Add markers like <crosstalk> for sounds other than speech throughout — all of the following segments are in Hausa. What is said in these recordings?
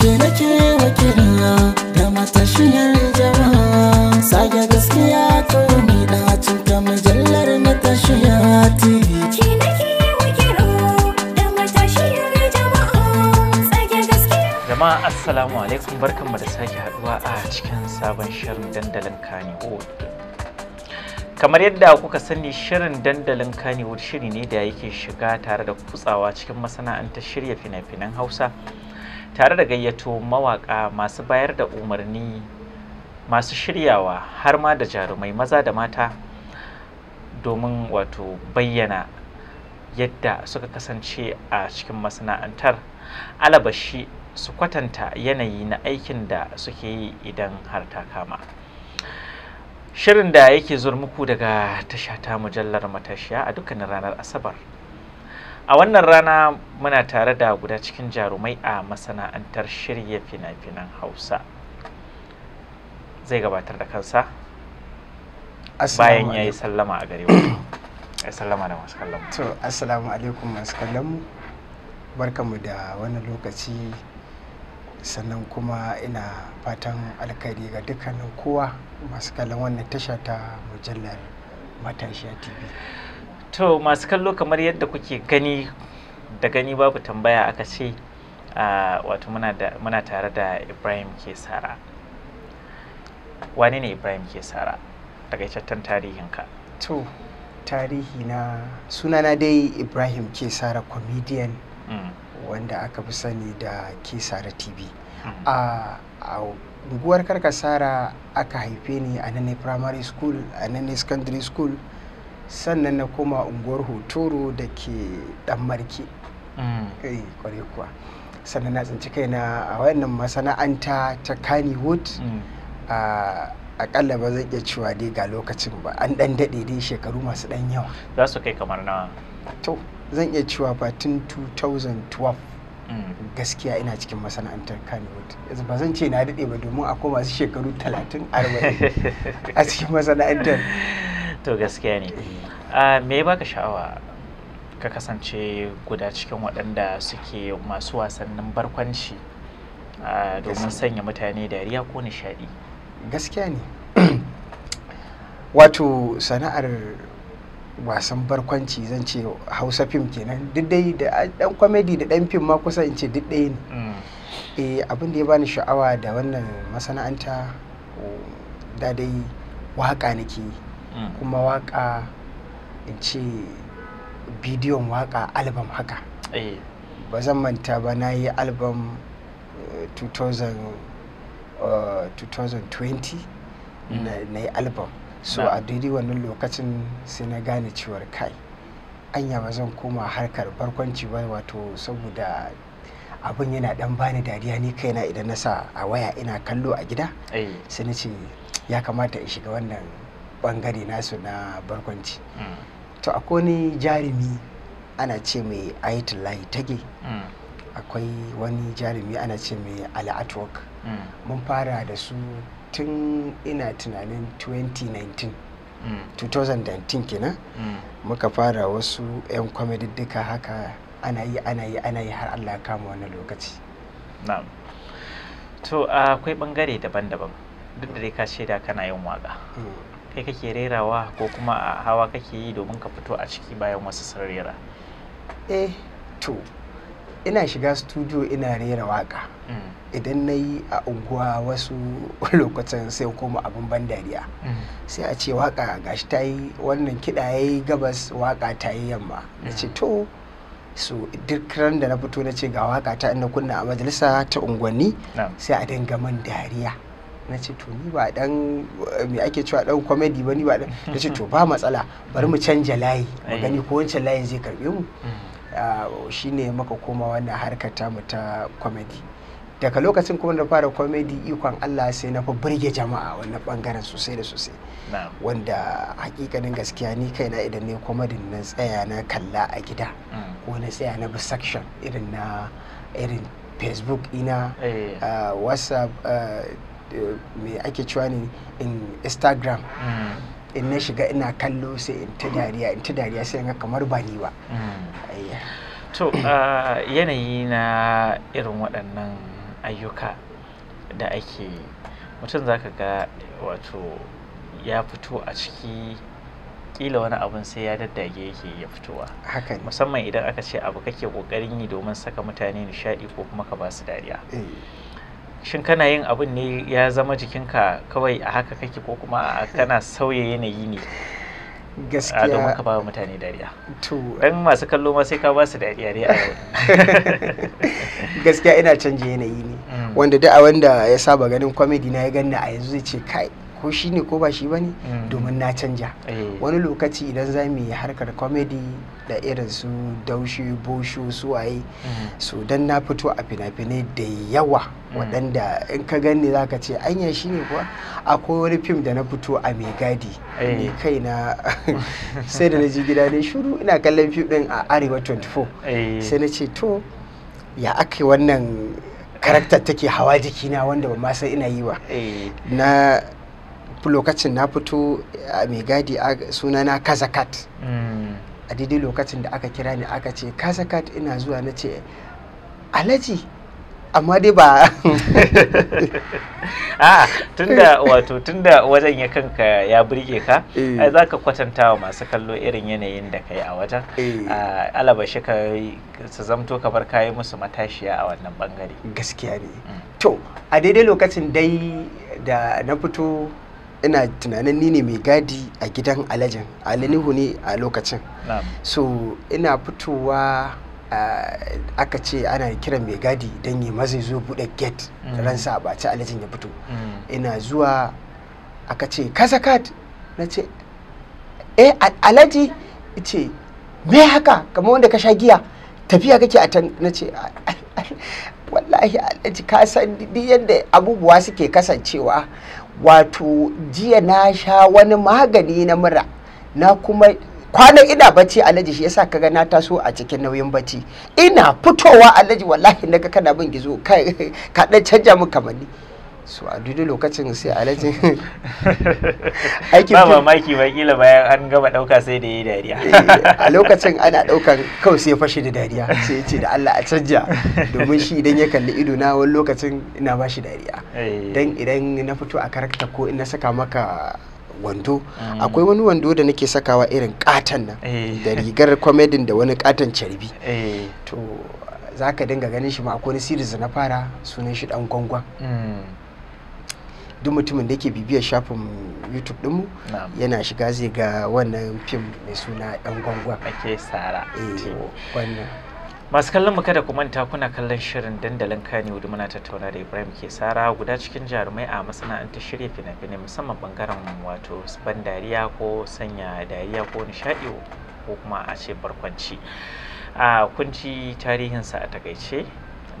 ke nake wa kira da matashiyar jama'a sage gaskiya kawai mai ɗacin ta mujallar matashiya tv jama'a assalamu alaikum barkanmu da sake haduwa a cikin sabon shirin dandalin kanewood kamar yadda kuka sani shirin dandalin kanewood shiri ne da yake shiga tare da kutsawa cikin masana'antar shirya fina-finan hausa tare da gayyato mawaƙa masu bayar da umarni masu shiryawa har ma da jarumai maza da mata domin wato bayyana yadda suka kasance a cikin masana'antar alabashi su kwatanta yanayi na aikin da suke yi idan har ta kama shirin da yake zurmuku muku daga tasha ta mujallar matashiya a dukkanin ranar asabar a wannan rana muna tare da guda cikin jarumai a masana'antar shirya fina-finan hausa zai gabatar da kansa bayan ya yi sallama a gare <coughs> ya sallama da masu kallon to assalamu alaikum masu kallon mu da wani lokaci sannan kuma ina fatan alkari ga dukkanin kowa masu kallon wannan tasha ta mujallar matashiya tv to masu kallo kamar yadda kuke gani da gani babu tambaya aka ce wato muna tare da ibrahim kesara wani ne ibrahim kesara tarihin tarihinka to tarihi na sunana dai ibrahim kesara comedian mm. wanda aka fi sani da ke kesara tv mm. a a unguwar karkasara aka haife ni a nan ne primary school a nan ne secondary school sannan na koma unguwar hotoro da ke marke kwarai mm. eh, kuwa sannan na tsinci kaina a wannan masana'anta ta kannywood mm. a akalla ba zai iya cewa dai ga lokacin ba an dan daɗe dai shekaru masu ɗan yawa za su kai kamar na to zan iya cewa tun 2012 mm. gaskiya ina cikin masana'antar kannywood yanzu ba zan ce na daɗe ba domin akwai masu shekaru 30 <laughs> a cikin masana'antar to gaskiya ne me baka sha'awa ka kasance guda cikin waɗanda suke masu wasannin barkwanci domin sanya mutane dariya ko nishaɗi gaskiya ne wato sana'ar wasan barkwanci zan ce hausa fim kenan duk dai da dan kwamedi da dan fim ma kusa in ce duk ɗaya ne mm. eh abin da ya bani sha'awa da wannan masana'anta da dai waka nake Mm. kuma waka in ce bidiyon waka album haka eh. ba zan manta ba na yi album 2020 eh, eh, mm. na yi album so a daidai wannan lokacin sai na gane cewar kai anya ba zan koma harkar barkwanci ba wato saboda abin yana dan bani dariya ni kaina idan na sa a waya ina kallo a gida sai na ce ya kamata in shiga wannan bangare nasu na barkwanci hmm. to akwai wani jarumi ana ce mai ayatullahi tage hmm. akwai wani jarumi ana ce mai al'atwork hmm. mun fara da su tun ina tunanin 2019 2019 kenan muka fara wasu 'yan duka haka ana yi ana yi ana yi har allah kama wani lokaci to akwai bangare daban-daban duk da dai ka shaida kana yin waka kai kake rerawa ko kuma a hawa kake yi domin ka fito a ciki bayan wasu sun rera eh to ina shiga studio ina rera waka mm. idan na yi a unguwa wasu <laughs> lokacin sai koma abin ban dariya mm. sai a ce waka gashi ta yi wannan kiɗa ya yi gabas waka ta yi yamma na ce mm. to so duk ran da na fito na ce ga waka ta ina kunna a majalisa ta unguwanni sai a dinga man dariya na ce to ni ba dan me ake cewa dan comedy ba ni ba dan na ce to ba matsala bari mu canja layi mu eh. gani ko wancan layin zai karbe mu mm. ah, shine maka koma wannan harkar mu ta comedy daga lokacin kuma da fara komedi ikon Allah sai na fi burge jama'a wannan bangaren sosai da sosai wanda hakikanin gaskiya ni kaina idan ne comedy na tsaya na kalla a gida mm. ko na tsaya na bi section irin na irin facebook ina eh. ah, whatsapp ah, Eh, me ake cewa ne in instagram mm. in na shiga ina kallo sai in ta dariya in ta dariya sai ga kamar ba ni ba mm. to ah, yanayi na irin waɗannan ayyuka da ake mutum zaka ga wato ya fito a ciki kila wani abun sai ya daddage yake ya fitowa musamman idan aka ce abu kake kokarin yi domin saka mutane nishaɗi ko kuma ka ba su dariya eh. shin kana yin abin ne ya zama jikinka kawai a haka kake ko kuma kana sauya yanayi ne gaskiya domin ka ba mutane dariya to dan masu kallo ma sai ka ba su dariya ne a <laughs> gaskiya ina canja yanayi ne mm. wanda da wanda ya saba ganin comedy na ya ganna a yanzu zai ce kai ko shi ne ko ba shi ba ne mm. domin na canja eh. wani lokaci idan za mu yi harkar comedy da irin su daushe bosho su waye mm. so dan na fito a fina-finai da yawa mm. waɗanda in ka gani za ka ce anya shi ne kuwa akwai wani fim da na fito a mai gadi eh. ne kai na <laughs> sai da na ji gida ne shuru ina kallon fim ɗin a arewa 24 eh. sai na ce to ya aka wannan karakta take hawa jikina wanda ba ma san ina yi ba na lokacin na fito a mai gadi sunana kazakat mm. a daidai lokacin da aka kira ni aka ce kazakat ina zuwa na ce alaji amma dai ba a <laughs> ah, tunda wato tunda wajen ya kanka ya burge ka eh. ai za ka kwatanta wa masu kallo irin yanayin da ka yi a wajen eh. ah, alaba shi ka su zamto kamar kayi musu matashiya a wannan bangare gaskiya ne mm. to a daidai lokacin dai da na fito ina tunanin ni ne mai gadi a gidan alajin alinihu ne a lokacin so ina fitowa aka ce ana kiran mai gadi don yi maza zo bude gate mm. ransa a baci alajin ya fito mm. ina zuwa aka ce kasa card na ce eh alaji ce me haka kamar wanda ka sha giya tafiya kake a na ce wallahi alaji ka san yadda abubuwa suke kasancewa wato jiya na sha wani magani na mura na kuma kwana ina bacci alhaji shi yasa kaga na taso a cikin nauyin bacci ina fitowa alhaji wallahi naga kana bin gizo ka dan canja min kamanni su a duk lokacin sai lajin <laughs> aikin ba mamaki ba kila bayan an gama dauka sai da yi dariya eh, a lokacin ana daukan kawai sai fashi da dariya sai ce da Allah a canja domin shi idan ya kalli ido na wani lokacin ina ba dariya eh. dan idan na fito a karakta ko ina na saka maka wando mm. akwai wani wando da nake sakawa irin katan nan eh. da rigar kwamedin da wani katan carbi to za ka dinga ganin shi ma akwai wani series na fara sunan shi dan gwangwa mm. duk mutumin da yake bibiyar shafin youtube dinmu yana shiga zai ga wannan fim mai suna yan gwangwa ake sara eh, masu kallon mu kada ku manta kuna kallon shirin dandalin kani wadda muna tattauna da ibrahim ke sara guda cikin jarumai a masana'antar shirya fina-finai musamman bangaren wato ban dariya ko sanya dariya ko nishaɗi ko kuma a ce barkwanci a ah, kunci tarihinsa a takaice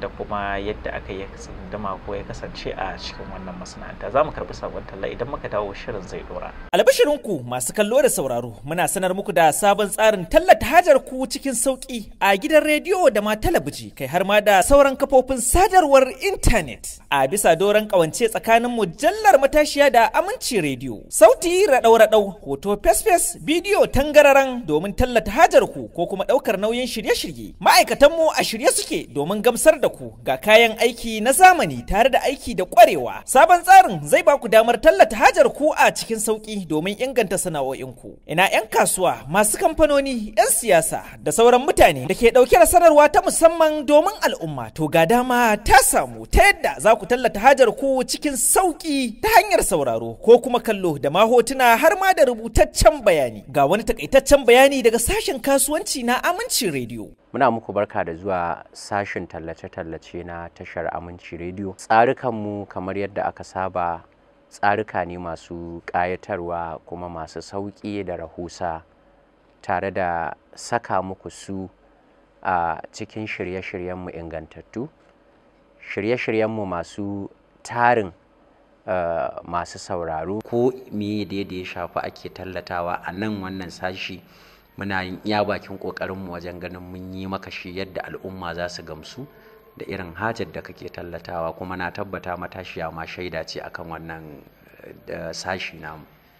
da kuma yadda aka yi tsinduma ko ya kasance a cikin wannan masana'anta za mu karɓi sabon talla idan muka dawo shirin zai dora. ku masu kallo da sauraro muna sanar muku da sabon tsarin tallata hajar ku cikin sauki a gidan rediyo da ma talabiji kai har ma da sauran kafofin sadarwar intanet a bisa doron kawance tsakanin mujallar matashiya da aminci rediyo sauti raɗau-raɗau hoto fesfes bidiyo tangararan domin tallata hajar ku ko kuma ɗaukar nauyin shirye-shirye ma'aikatanmu a shirye suke domin gamsar da da ku ga kayan aiki na zamani tare da aiki da ƙwarewa. Sabon tsarin zai ba ku damar tallata hajar ku a cikin sauƙi domin inganta sana'o'inku. Ina 'yan kasuwa, masu kamfanoni, 'yan siyasa da sauran mutane da ke ɗauke da sanarwa ta musamman domin al'umma. To ga dama ta samu ta yadda za ku tallata hajar ku cikin sauƙi ta hanyar sauraro ko kuma kallo da ma hotuna har ma da rubutaccen bayani. Ga wani takaitaccen bayani daga sashen kasuwanci na Amincin Rediyo. Muna muku barka da zuwa sashin tallace-tallace na tashar Aminci rediyo. Tsarukanmu kamar yadda aka saba tsarika ne masu ƙayatarwa kuma masu sauƙi da rahusa tare da saka muku su a cikin shirye-shiryenmu ingantattu. Shirye-shiryenmu masu tarin eh, masu sauraro ko me da ya shafi ake tallatawa a nan wannan sashi. muna yin iya bakin ƙoƙarinmu wajen ganin mun yi maka shi yadda al'umma za su gamsu da irin hajar da kake tallatawa kuma na tabbata matashiya ma shaida ce akan wannan eh, sashi namu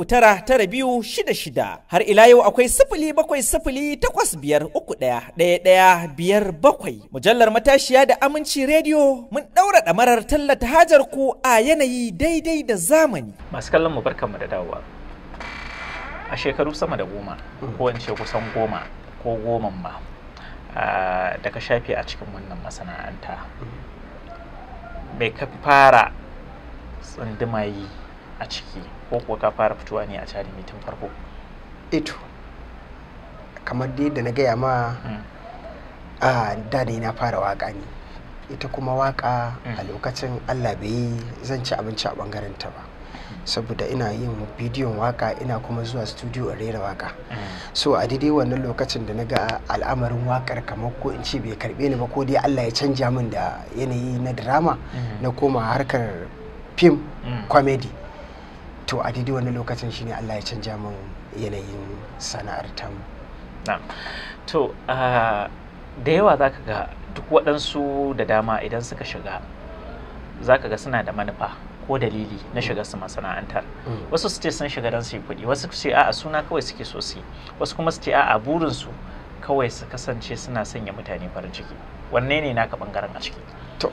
uku tara tara biyu shida shida har ila yau akwai sifili bakwai sifili takwas biyar uku ɗaya ɗaya ɗaya biyar bakwai mujallar matashiya da aminci rediyo mun ɗaura ɗamarar tallata hajar ku a yanayi daidai da zamani. masu kallon mu mu da dawowa a shekaru sama da goma mm. ko in kusan goma ko goman ma da ka shafe a cikin wannan masana'anta mai mm. ka fara tsundumayi a ciki ko kuwa ka fara fitowa ne a mai tun farko ito kamar dai da na gaya ma hmm. a da ne na fara waka ne ita kuma waka hmm. a lokacin allah bai zan ci abinci a bangaren ta ba hmm. saboda ina yin bidiyon waka ina kuma zuwa studio a rera waka so a daidai wannan lokacin da na ga al'amarin wakar kamar ko in ce bai karbe ni ba ko dai allah ya canja min da yanayi na drama na koma harkar fim comedy to a daidai wani lokacin shine Allah ya canja min yanayin sana'ar tamu to da yawa za ga duk waɗansu da dama idan suka shiga za ga suna da manufa ko dalili na shiga su masana'antar mm. Mm. wasu su ce sun shiga don su yi kuɗi wasu su ce a'a suna kawai suke so su wasu kuma su ce a'a burinsu kawai su kasance suna sanya mutane farin ciki wanne ne naka bangaren a ciki to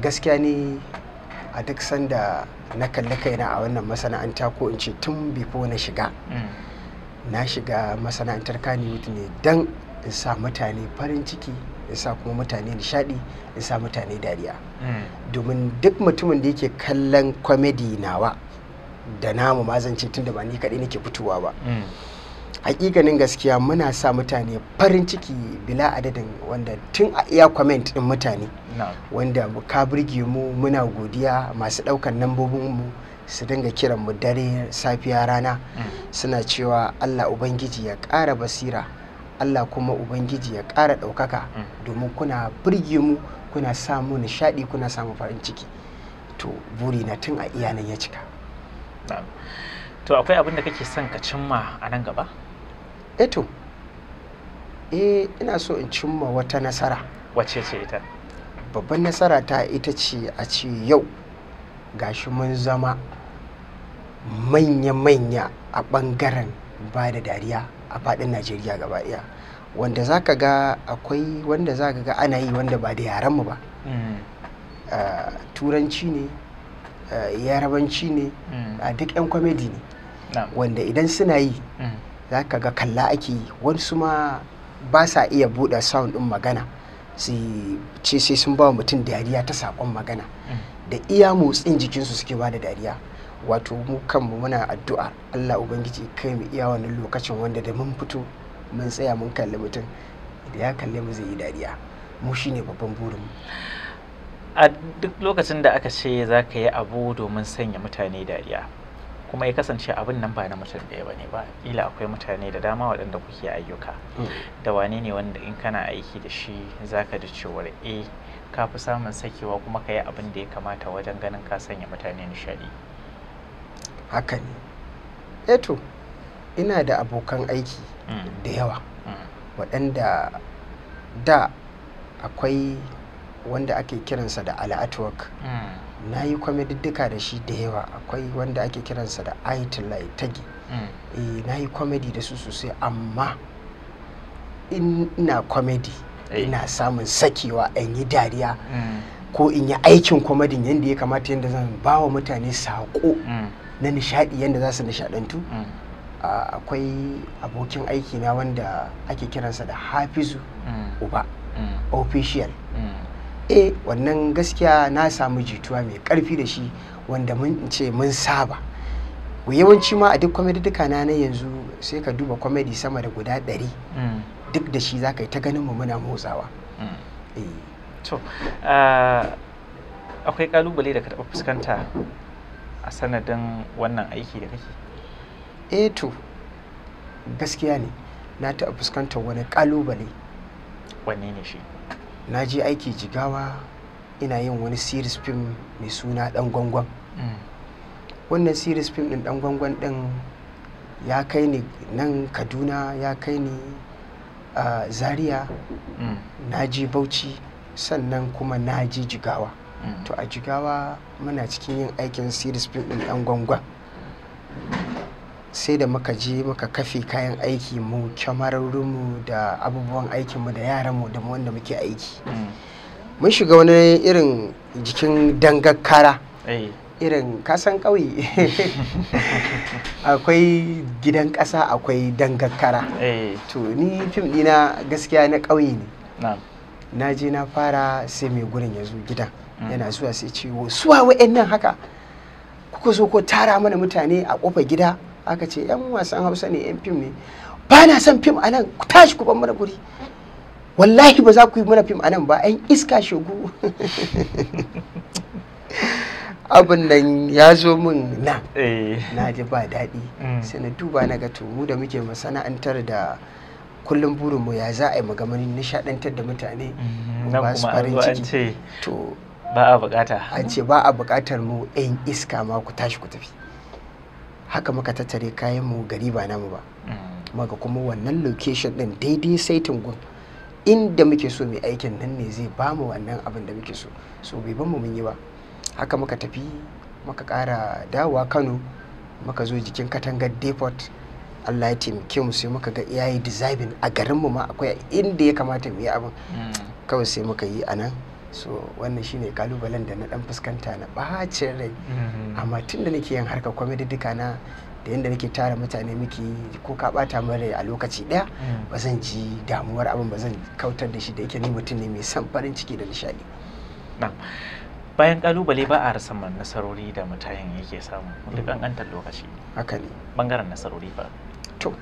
gaskiya ne a duk sanda na kalli kaina a wannan masana'anta ko in ce tun bifo na shiga mm. na shiga masana'antar wuti ne don in sa mutane farin ciki in sa kuma mutane nishadi in sa mutane dariya mm. domin duk mutumin da yake kallon kwamedi nawa da namu mazance tun da ba ni kaɗai nake fitowa ba mm. hakikanin gaskiya muna sa mutane farin ciki bila adadin wanda tun a iya comment din mutane wanda ka burge mu muna godiya masu ɗaukan nambobin mu su dinga kiran mu dare safiya rana mm. suna cewa allah ubangiji ya ƙara basira allah kuma ubangiji ya ƙara ɗaukaka mm. domin kuna burge mu kuna samu nishaɗi kuna samu farin ciki to buri na tun a iya nan ya cika to akwai abin da kake son ka cimma a nan gaba eto eh ina so in cimma wata nasara wace ce ita babban nasara ta ita ce a ce yau ga shi mun zama manya-manya a ɓangaren ba da dariya a faɗin najeriya gaba iya wanda za ka ga akwai wanda za ka ga ana yi wanda ba da yarenmu ba mm. ah, turanci ne ah, yarabanci ne mm. a ah, duk 'yan kwamedi ne wanda idan suna yi mm. za ka ga kalla ake yi wasu ma ba sa iya buɗe sound ɗin magana su ce sai sun ba mutum dariya ta saƙon magana da iya motsin jikinsu suke ba da dariya wato mu kanmu muna addu'a allah ubangiji kai mu iya wani lokacin wanda da mun fito mun tsaya mun kalli mutum da ya kalli mu zai yi dariya mu shine babban burinmu a duk lokacin da aka ce za ka yi abu domin sanya mutane dariya kuma ya kasance abin nan ba na mutum ɗaya ba ne ba ila akwai mutane da dama waɗanda kuke ayyuka mm. da wane ne wanda in kana aiki da shi zaka ji cewar eh ka fi samun sakewa kuma ka yi abin da ya kamata wajen ganin ka sanya mutane nishaɗi haka ne eto eh ina da abokan aiki mm. da yawa mm. waɗanda da akwai wanda ake kiransa da al'atwork mm. na yi kwamediddika da shi da yawa akwai wanda ake kiransa da aitilai tagi mm. eh, na yi kwamedi da su sosai amma ina kwamedi eh. ina samun sakewa in yi dariya mm. ko in yi aikin kwamadin yadda ya kamata yadda zan ba wa mutane saƙo mm. na nishaɗi yadda za su nishaɗantu akwai abokin aiki na wanda ake kiransa da hafizu uba official e wannan gaskiya na samu jituwa mai karfi da shi wanda mun ce mun saba yawanci ma a duk kwamedidika na na yanzu sai ka duba kwamedi sama da guda ɗari mm. duk da shi za ka yi ta ganin mu muna motsawa mm. e. to akwai kalubale da ka taɓa fuskanta a sanadin wannan aiki da kake E to gaskiya ne na taɓa fuskantar wani kalubale wanne ne shi na je aiki jigawa ina yin wani series film mai suna dan gwangwan mm. wannan series film din dan gwangwan din ya kai ni nan kaduna ya kai ni zaria mm. na je bauchi sannan kuma na je jigawa mm. to a jigawa muna cikin yin aikin series film din dan gwangwan sai da muka je muka kafe kayan aiki mu mu da abubuwan aikinmu da yaran mu da wanda muke aiki mm. mun shiga wani irin jikin dangakara. Eh. irin kasan ƙauye <laughs> akwai gidan ƙasa akwai dangakara. Eh. to ni fim ɗina gaskiya na ƙauye ne na je na fara sai mai gurin ya zo gidan mm. yana zuwa sai ce suwa nan haka kuka zo ko tara mana mutane a ƙofar gida aka ce yan wasan hausa ne yan fim ne ba na son fim a nan ku tashi ku ban mana guri wallahi ba za ku yi mana fim a nan ba yan iska shogu <laughs> abin nan ya zo min na eh. na ji ba daɗi mm. sai na duba na ga mu da muke masana'antar da kullum burinmu ya za a yi magamanin nishaɗantar da mutane mhm. ba su farin ciki to ba a bukata an ce ba a bukatar mu yan iska ma ku tashi ku tafi haka muka tattare kayan mu gari ba namu ba maga mm. kuma wannan location din daidai saitin gun inda muke so mai aikin nan ne zai ba mu wannan abin da muke so so bai ban mu mun yi ba haka muka tafi muka kara dawowa kano muka zo jikin katangar depot allah ya taimake mu sai muka ga iyaye design a garin mu ma akwai inda ya kamata mu yi abin mm. kawai sai muka yi a nan so wannan shine kalubalen da na dan fuskanta na bacin rai mm-hmm. amma tun da nake yin harkar da duka na da yadda nake tara mutane miki ko ka bata mara a lokaci daya mm. ba zan ji damuwar abin ba zan kautar da shi da yake ni mutum ne mai son farin ciki da nishadi bayan kalubale ba a rasa nasarori da mutayen yake samu duk kankantar mm. lokaci haka ne bangaren nasarori ba to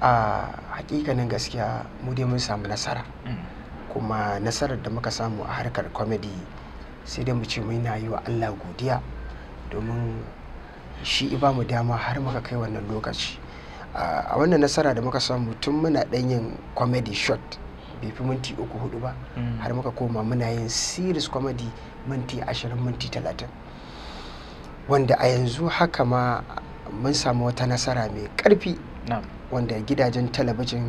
a hakikanin gaskiya mu dai mun samu nasara mm. kuma nasarar da muka samu a harkar comedy sai dai mu ce na yi wa allah godiya domin shi iba mu dama har muka kai wannan lokaci a wannan nasara da muka samu tun muna ɗanyin comedy shot bai fi minti uku hudu ba mm. har muka koma muna yin series comedy minti ashirin minti talatin wanda a yanzu haka ma mun samu wata nasara mai karfi wanda gidajen talabijin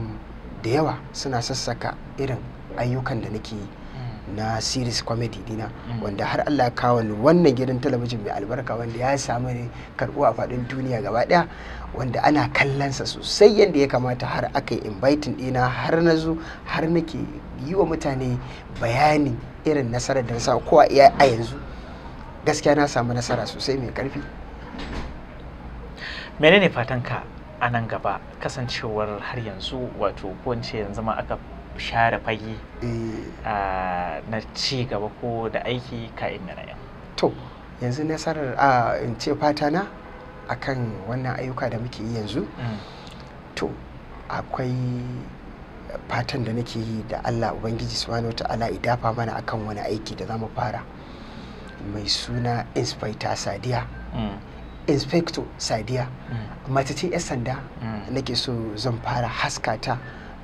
da yawa suna sassaka irin ayyukan da nake mm. na series comedy dina mm. wanda har Allah ya kawo ni wannan gidan talabijin mai albarka wanda ya samu ne karɓo a faɗin duniya gaba ɗaya wanda ana kallon sa sosai yadda ya kamata har aka yi inviting dina har na zo har nake yi wa mutane bayani irin nasarar da na kowa ko a yanzu gaskiya na samu nasara sosai mai karfi menene fatanka a nan gaba kasancewar har yanzu wato ko yanzu ma aka share fage eh. ah, na ci gaba ko da aiki ka'in na yau. to yanzu nasarar a ah, in ce fata na akan wannan ayyuka da muke yi yanzu mm. to akwai fatan da nake yi da Allah Ubangiji subhanahu ta'ala dafa mana akan wani aiki da zamu fara mai suna inspector sadiya mm. inspector sadiya mm. matace 'yan sanda nake so zan fara haskata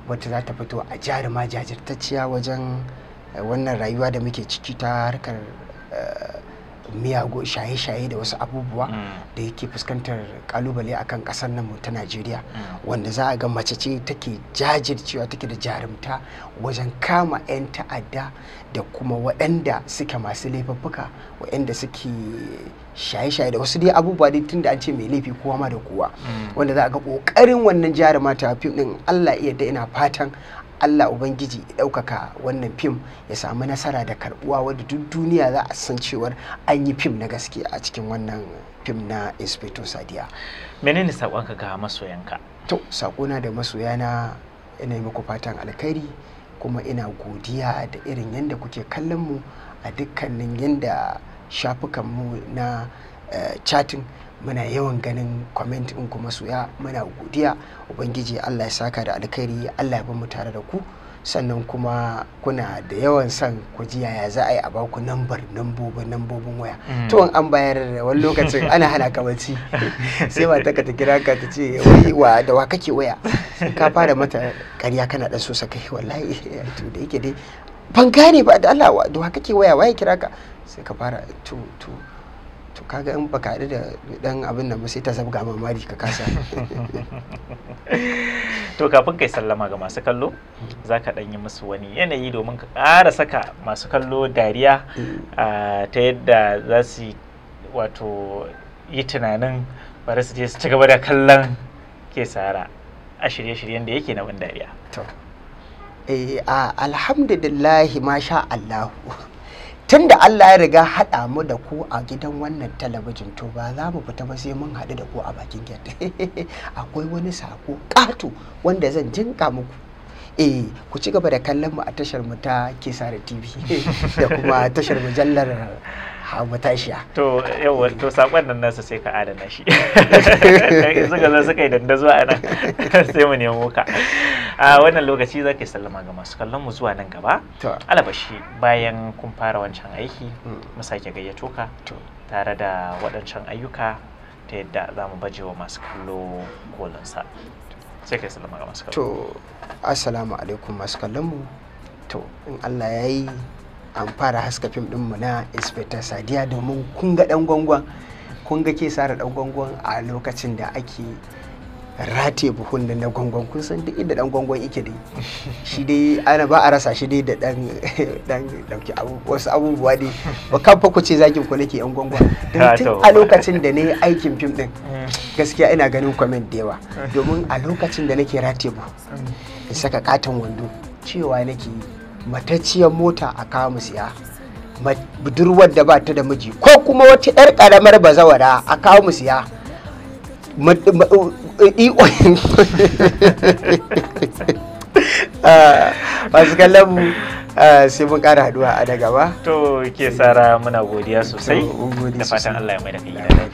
wacce za ta fito a jaruma jajirtacciya wajen eh, wannan rayuwa da muke ciki ta harkar eh, miyago shaye-shaye da wasu abubuwa mm. da yake fuskantar kalubale a kan kasar nan ta najeriya mm. wanda za a ga mace ce take jajircewa take da jarumta wajen kama 'yan ta'adda da kuma waɗanda suke masu laifuffuka waɗanda suke shaye-shaye da wasu dai abubuwa dai tunda an ce mai laifi kowa ma da kowa mm. wanda za a ga ƙoƙarin wannan ta fim din allah iya da ina fatan Allah Ubangiji ya ɗaukaka wannan fim ya samu nasara da karbuwa wadda duk duniya za a san cewar an yi fim na gaske a cikin wannan fim na Inspector Sadiya. Menene saƙonka ga masoyanka? To, saƙona da masoyana ina muku fatan alkhairi kuma ina godiya da irin yadda kuke kallon mu a dukkanin yadda shafukanmu na eh, chatting muna yawan ganin comment din kuma suya muna godiya ubangiji Allah ya saka da alkhairi Allah ya mu tare da ku sannan kuma kuna da yawan son ku ji yaya za a yi a baku nambar nambobin nambobin waya mm. to an bayar da wani lokacin ana hana kamaci <laughs> sai ba ta ka ta kira ka ta ce wai wa da wa kake waya ka fara mata ƙarya kana dan so kai wallahi to da yake dai ban gane ba da Allah da wa kake waya waye kira ka sai ka fara to to to kaga in baka haɗu da dan abin nan ba sai ta zabga mamari ka kasa <laughs> to kafin kai sallama ga masu kallo za ka ɗan musu wani yanayi domin ka ƙara saka masu kallo dariya mm. ta yadda za su wato yi tunanin bari su je su ci gaba da kallon ke sara a shirye-shiryen da yake na ban dariya. Eh, alhamdulillahi masha Allahu. tunda Allah ya riga haɗa mu da ku a gidan wannan talabijin to ba za mu fita ba sai mun haɗu da ku a bakin gate <laughs> akwai wani sako ƙato wanda zan jinka muku eh ku ci gaba da kallon mu a tashar mu ta Kesare TV <laughs> da kuma tashar mujallar hawa tashiya to yawa to sakon nan nasa sai ka adana shi <laughs> suka zo suka yi danda zuwa nan <laughs> sai mu nemo ka a wannan lokaci za ka sallama ga masu kallon mu zuwa nan gaba alabashi bayan kun fara wancan aiki hmm. mu sake gayyato ka tare da waɗancan ayyuka ta yadda za mu baje wa masu kallo kolinsa sai ka sallama ga masu kallo to assalamu alaikum masu kallon mu to in Allah ya yi an fara haska fim dinmu na inspector sadiya domin kun ga ɗan gwangwan kun ga ke sara ɗan gwangwan a lokacin da ake rate buhun nan na gwangwan kun san duk inda dan gwangwan yake dai <laughs> shi dai ana ba a rasa shi dai da dan dan <laughs> dauki wasu abubuwa dai ba kan fa kuce zakin ku nake yan gwangwan <laughs> tun a lokacin da nayi aikin fim din eh. gaskiya ina ganin comment da yawa eh. domin a lokacin da nake rate buhu eh. in saka katon wando cewa nake yi matacciyar mota a kawo mu siya budurwar da ba ta da miji ko kuma wata 'yar karamar bazawara a kawo mu siya <laughs> ah, masu kallon mu ah, sai mun kara haduwa a daga gaba to ke sara muna godiya sosai da fatan Allah ya mai da kai gida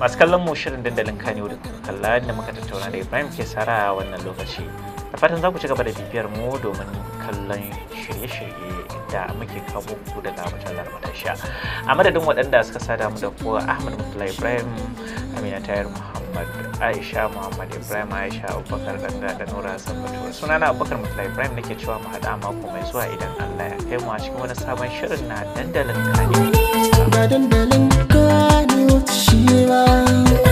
masu kallon mu shirin dandalin kanewa da kalla da muka tattauna da Ibrahim ke sara wannan lokaci da fatan za ku ci gaba da bibiyar mu domin kallon shirye-shirye da muke kawo ku daga mutallar matashiya a madadin waɗanda suka sada mu da kuwa ahmad mutula ibrahim amina tayar muhammad aisha muhammad ibrahim aisha abubakar ganga da nura sabbatu sunana abubakar mutula ibrahim nake cewa mu haɗa mako mai zuwa idan allah ya kai mu a cikin wani sabon shirin na dandalin kani ba dandalin kani wata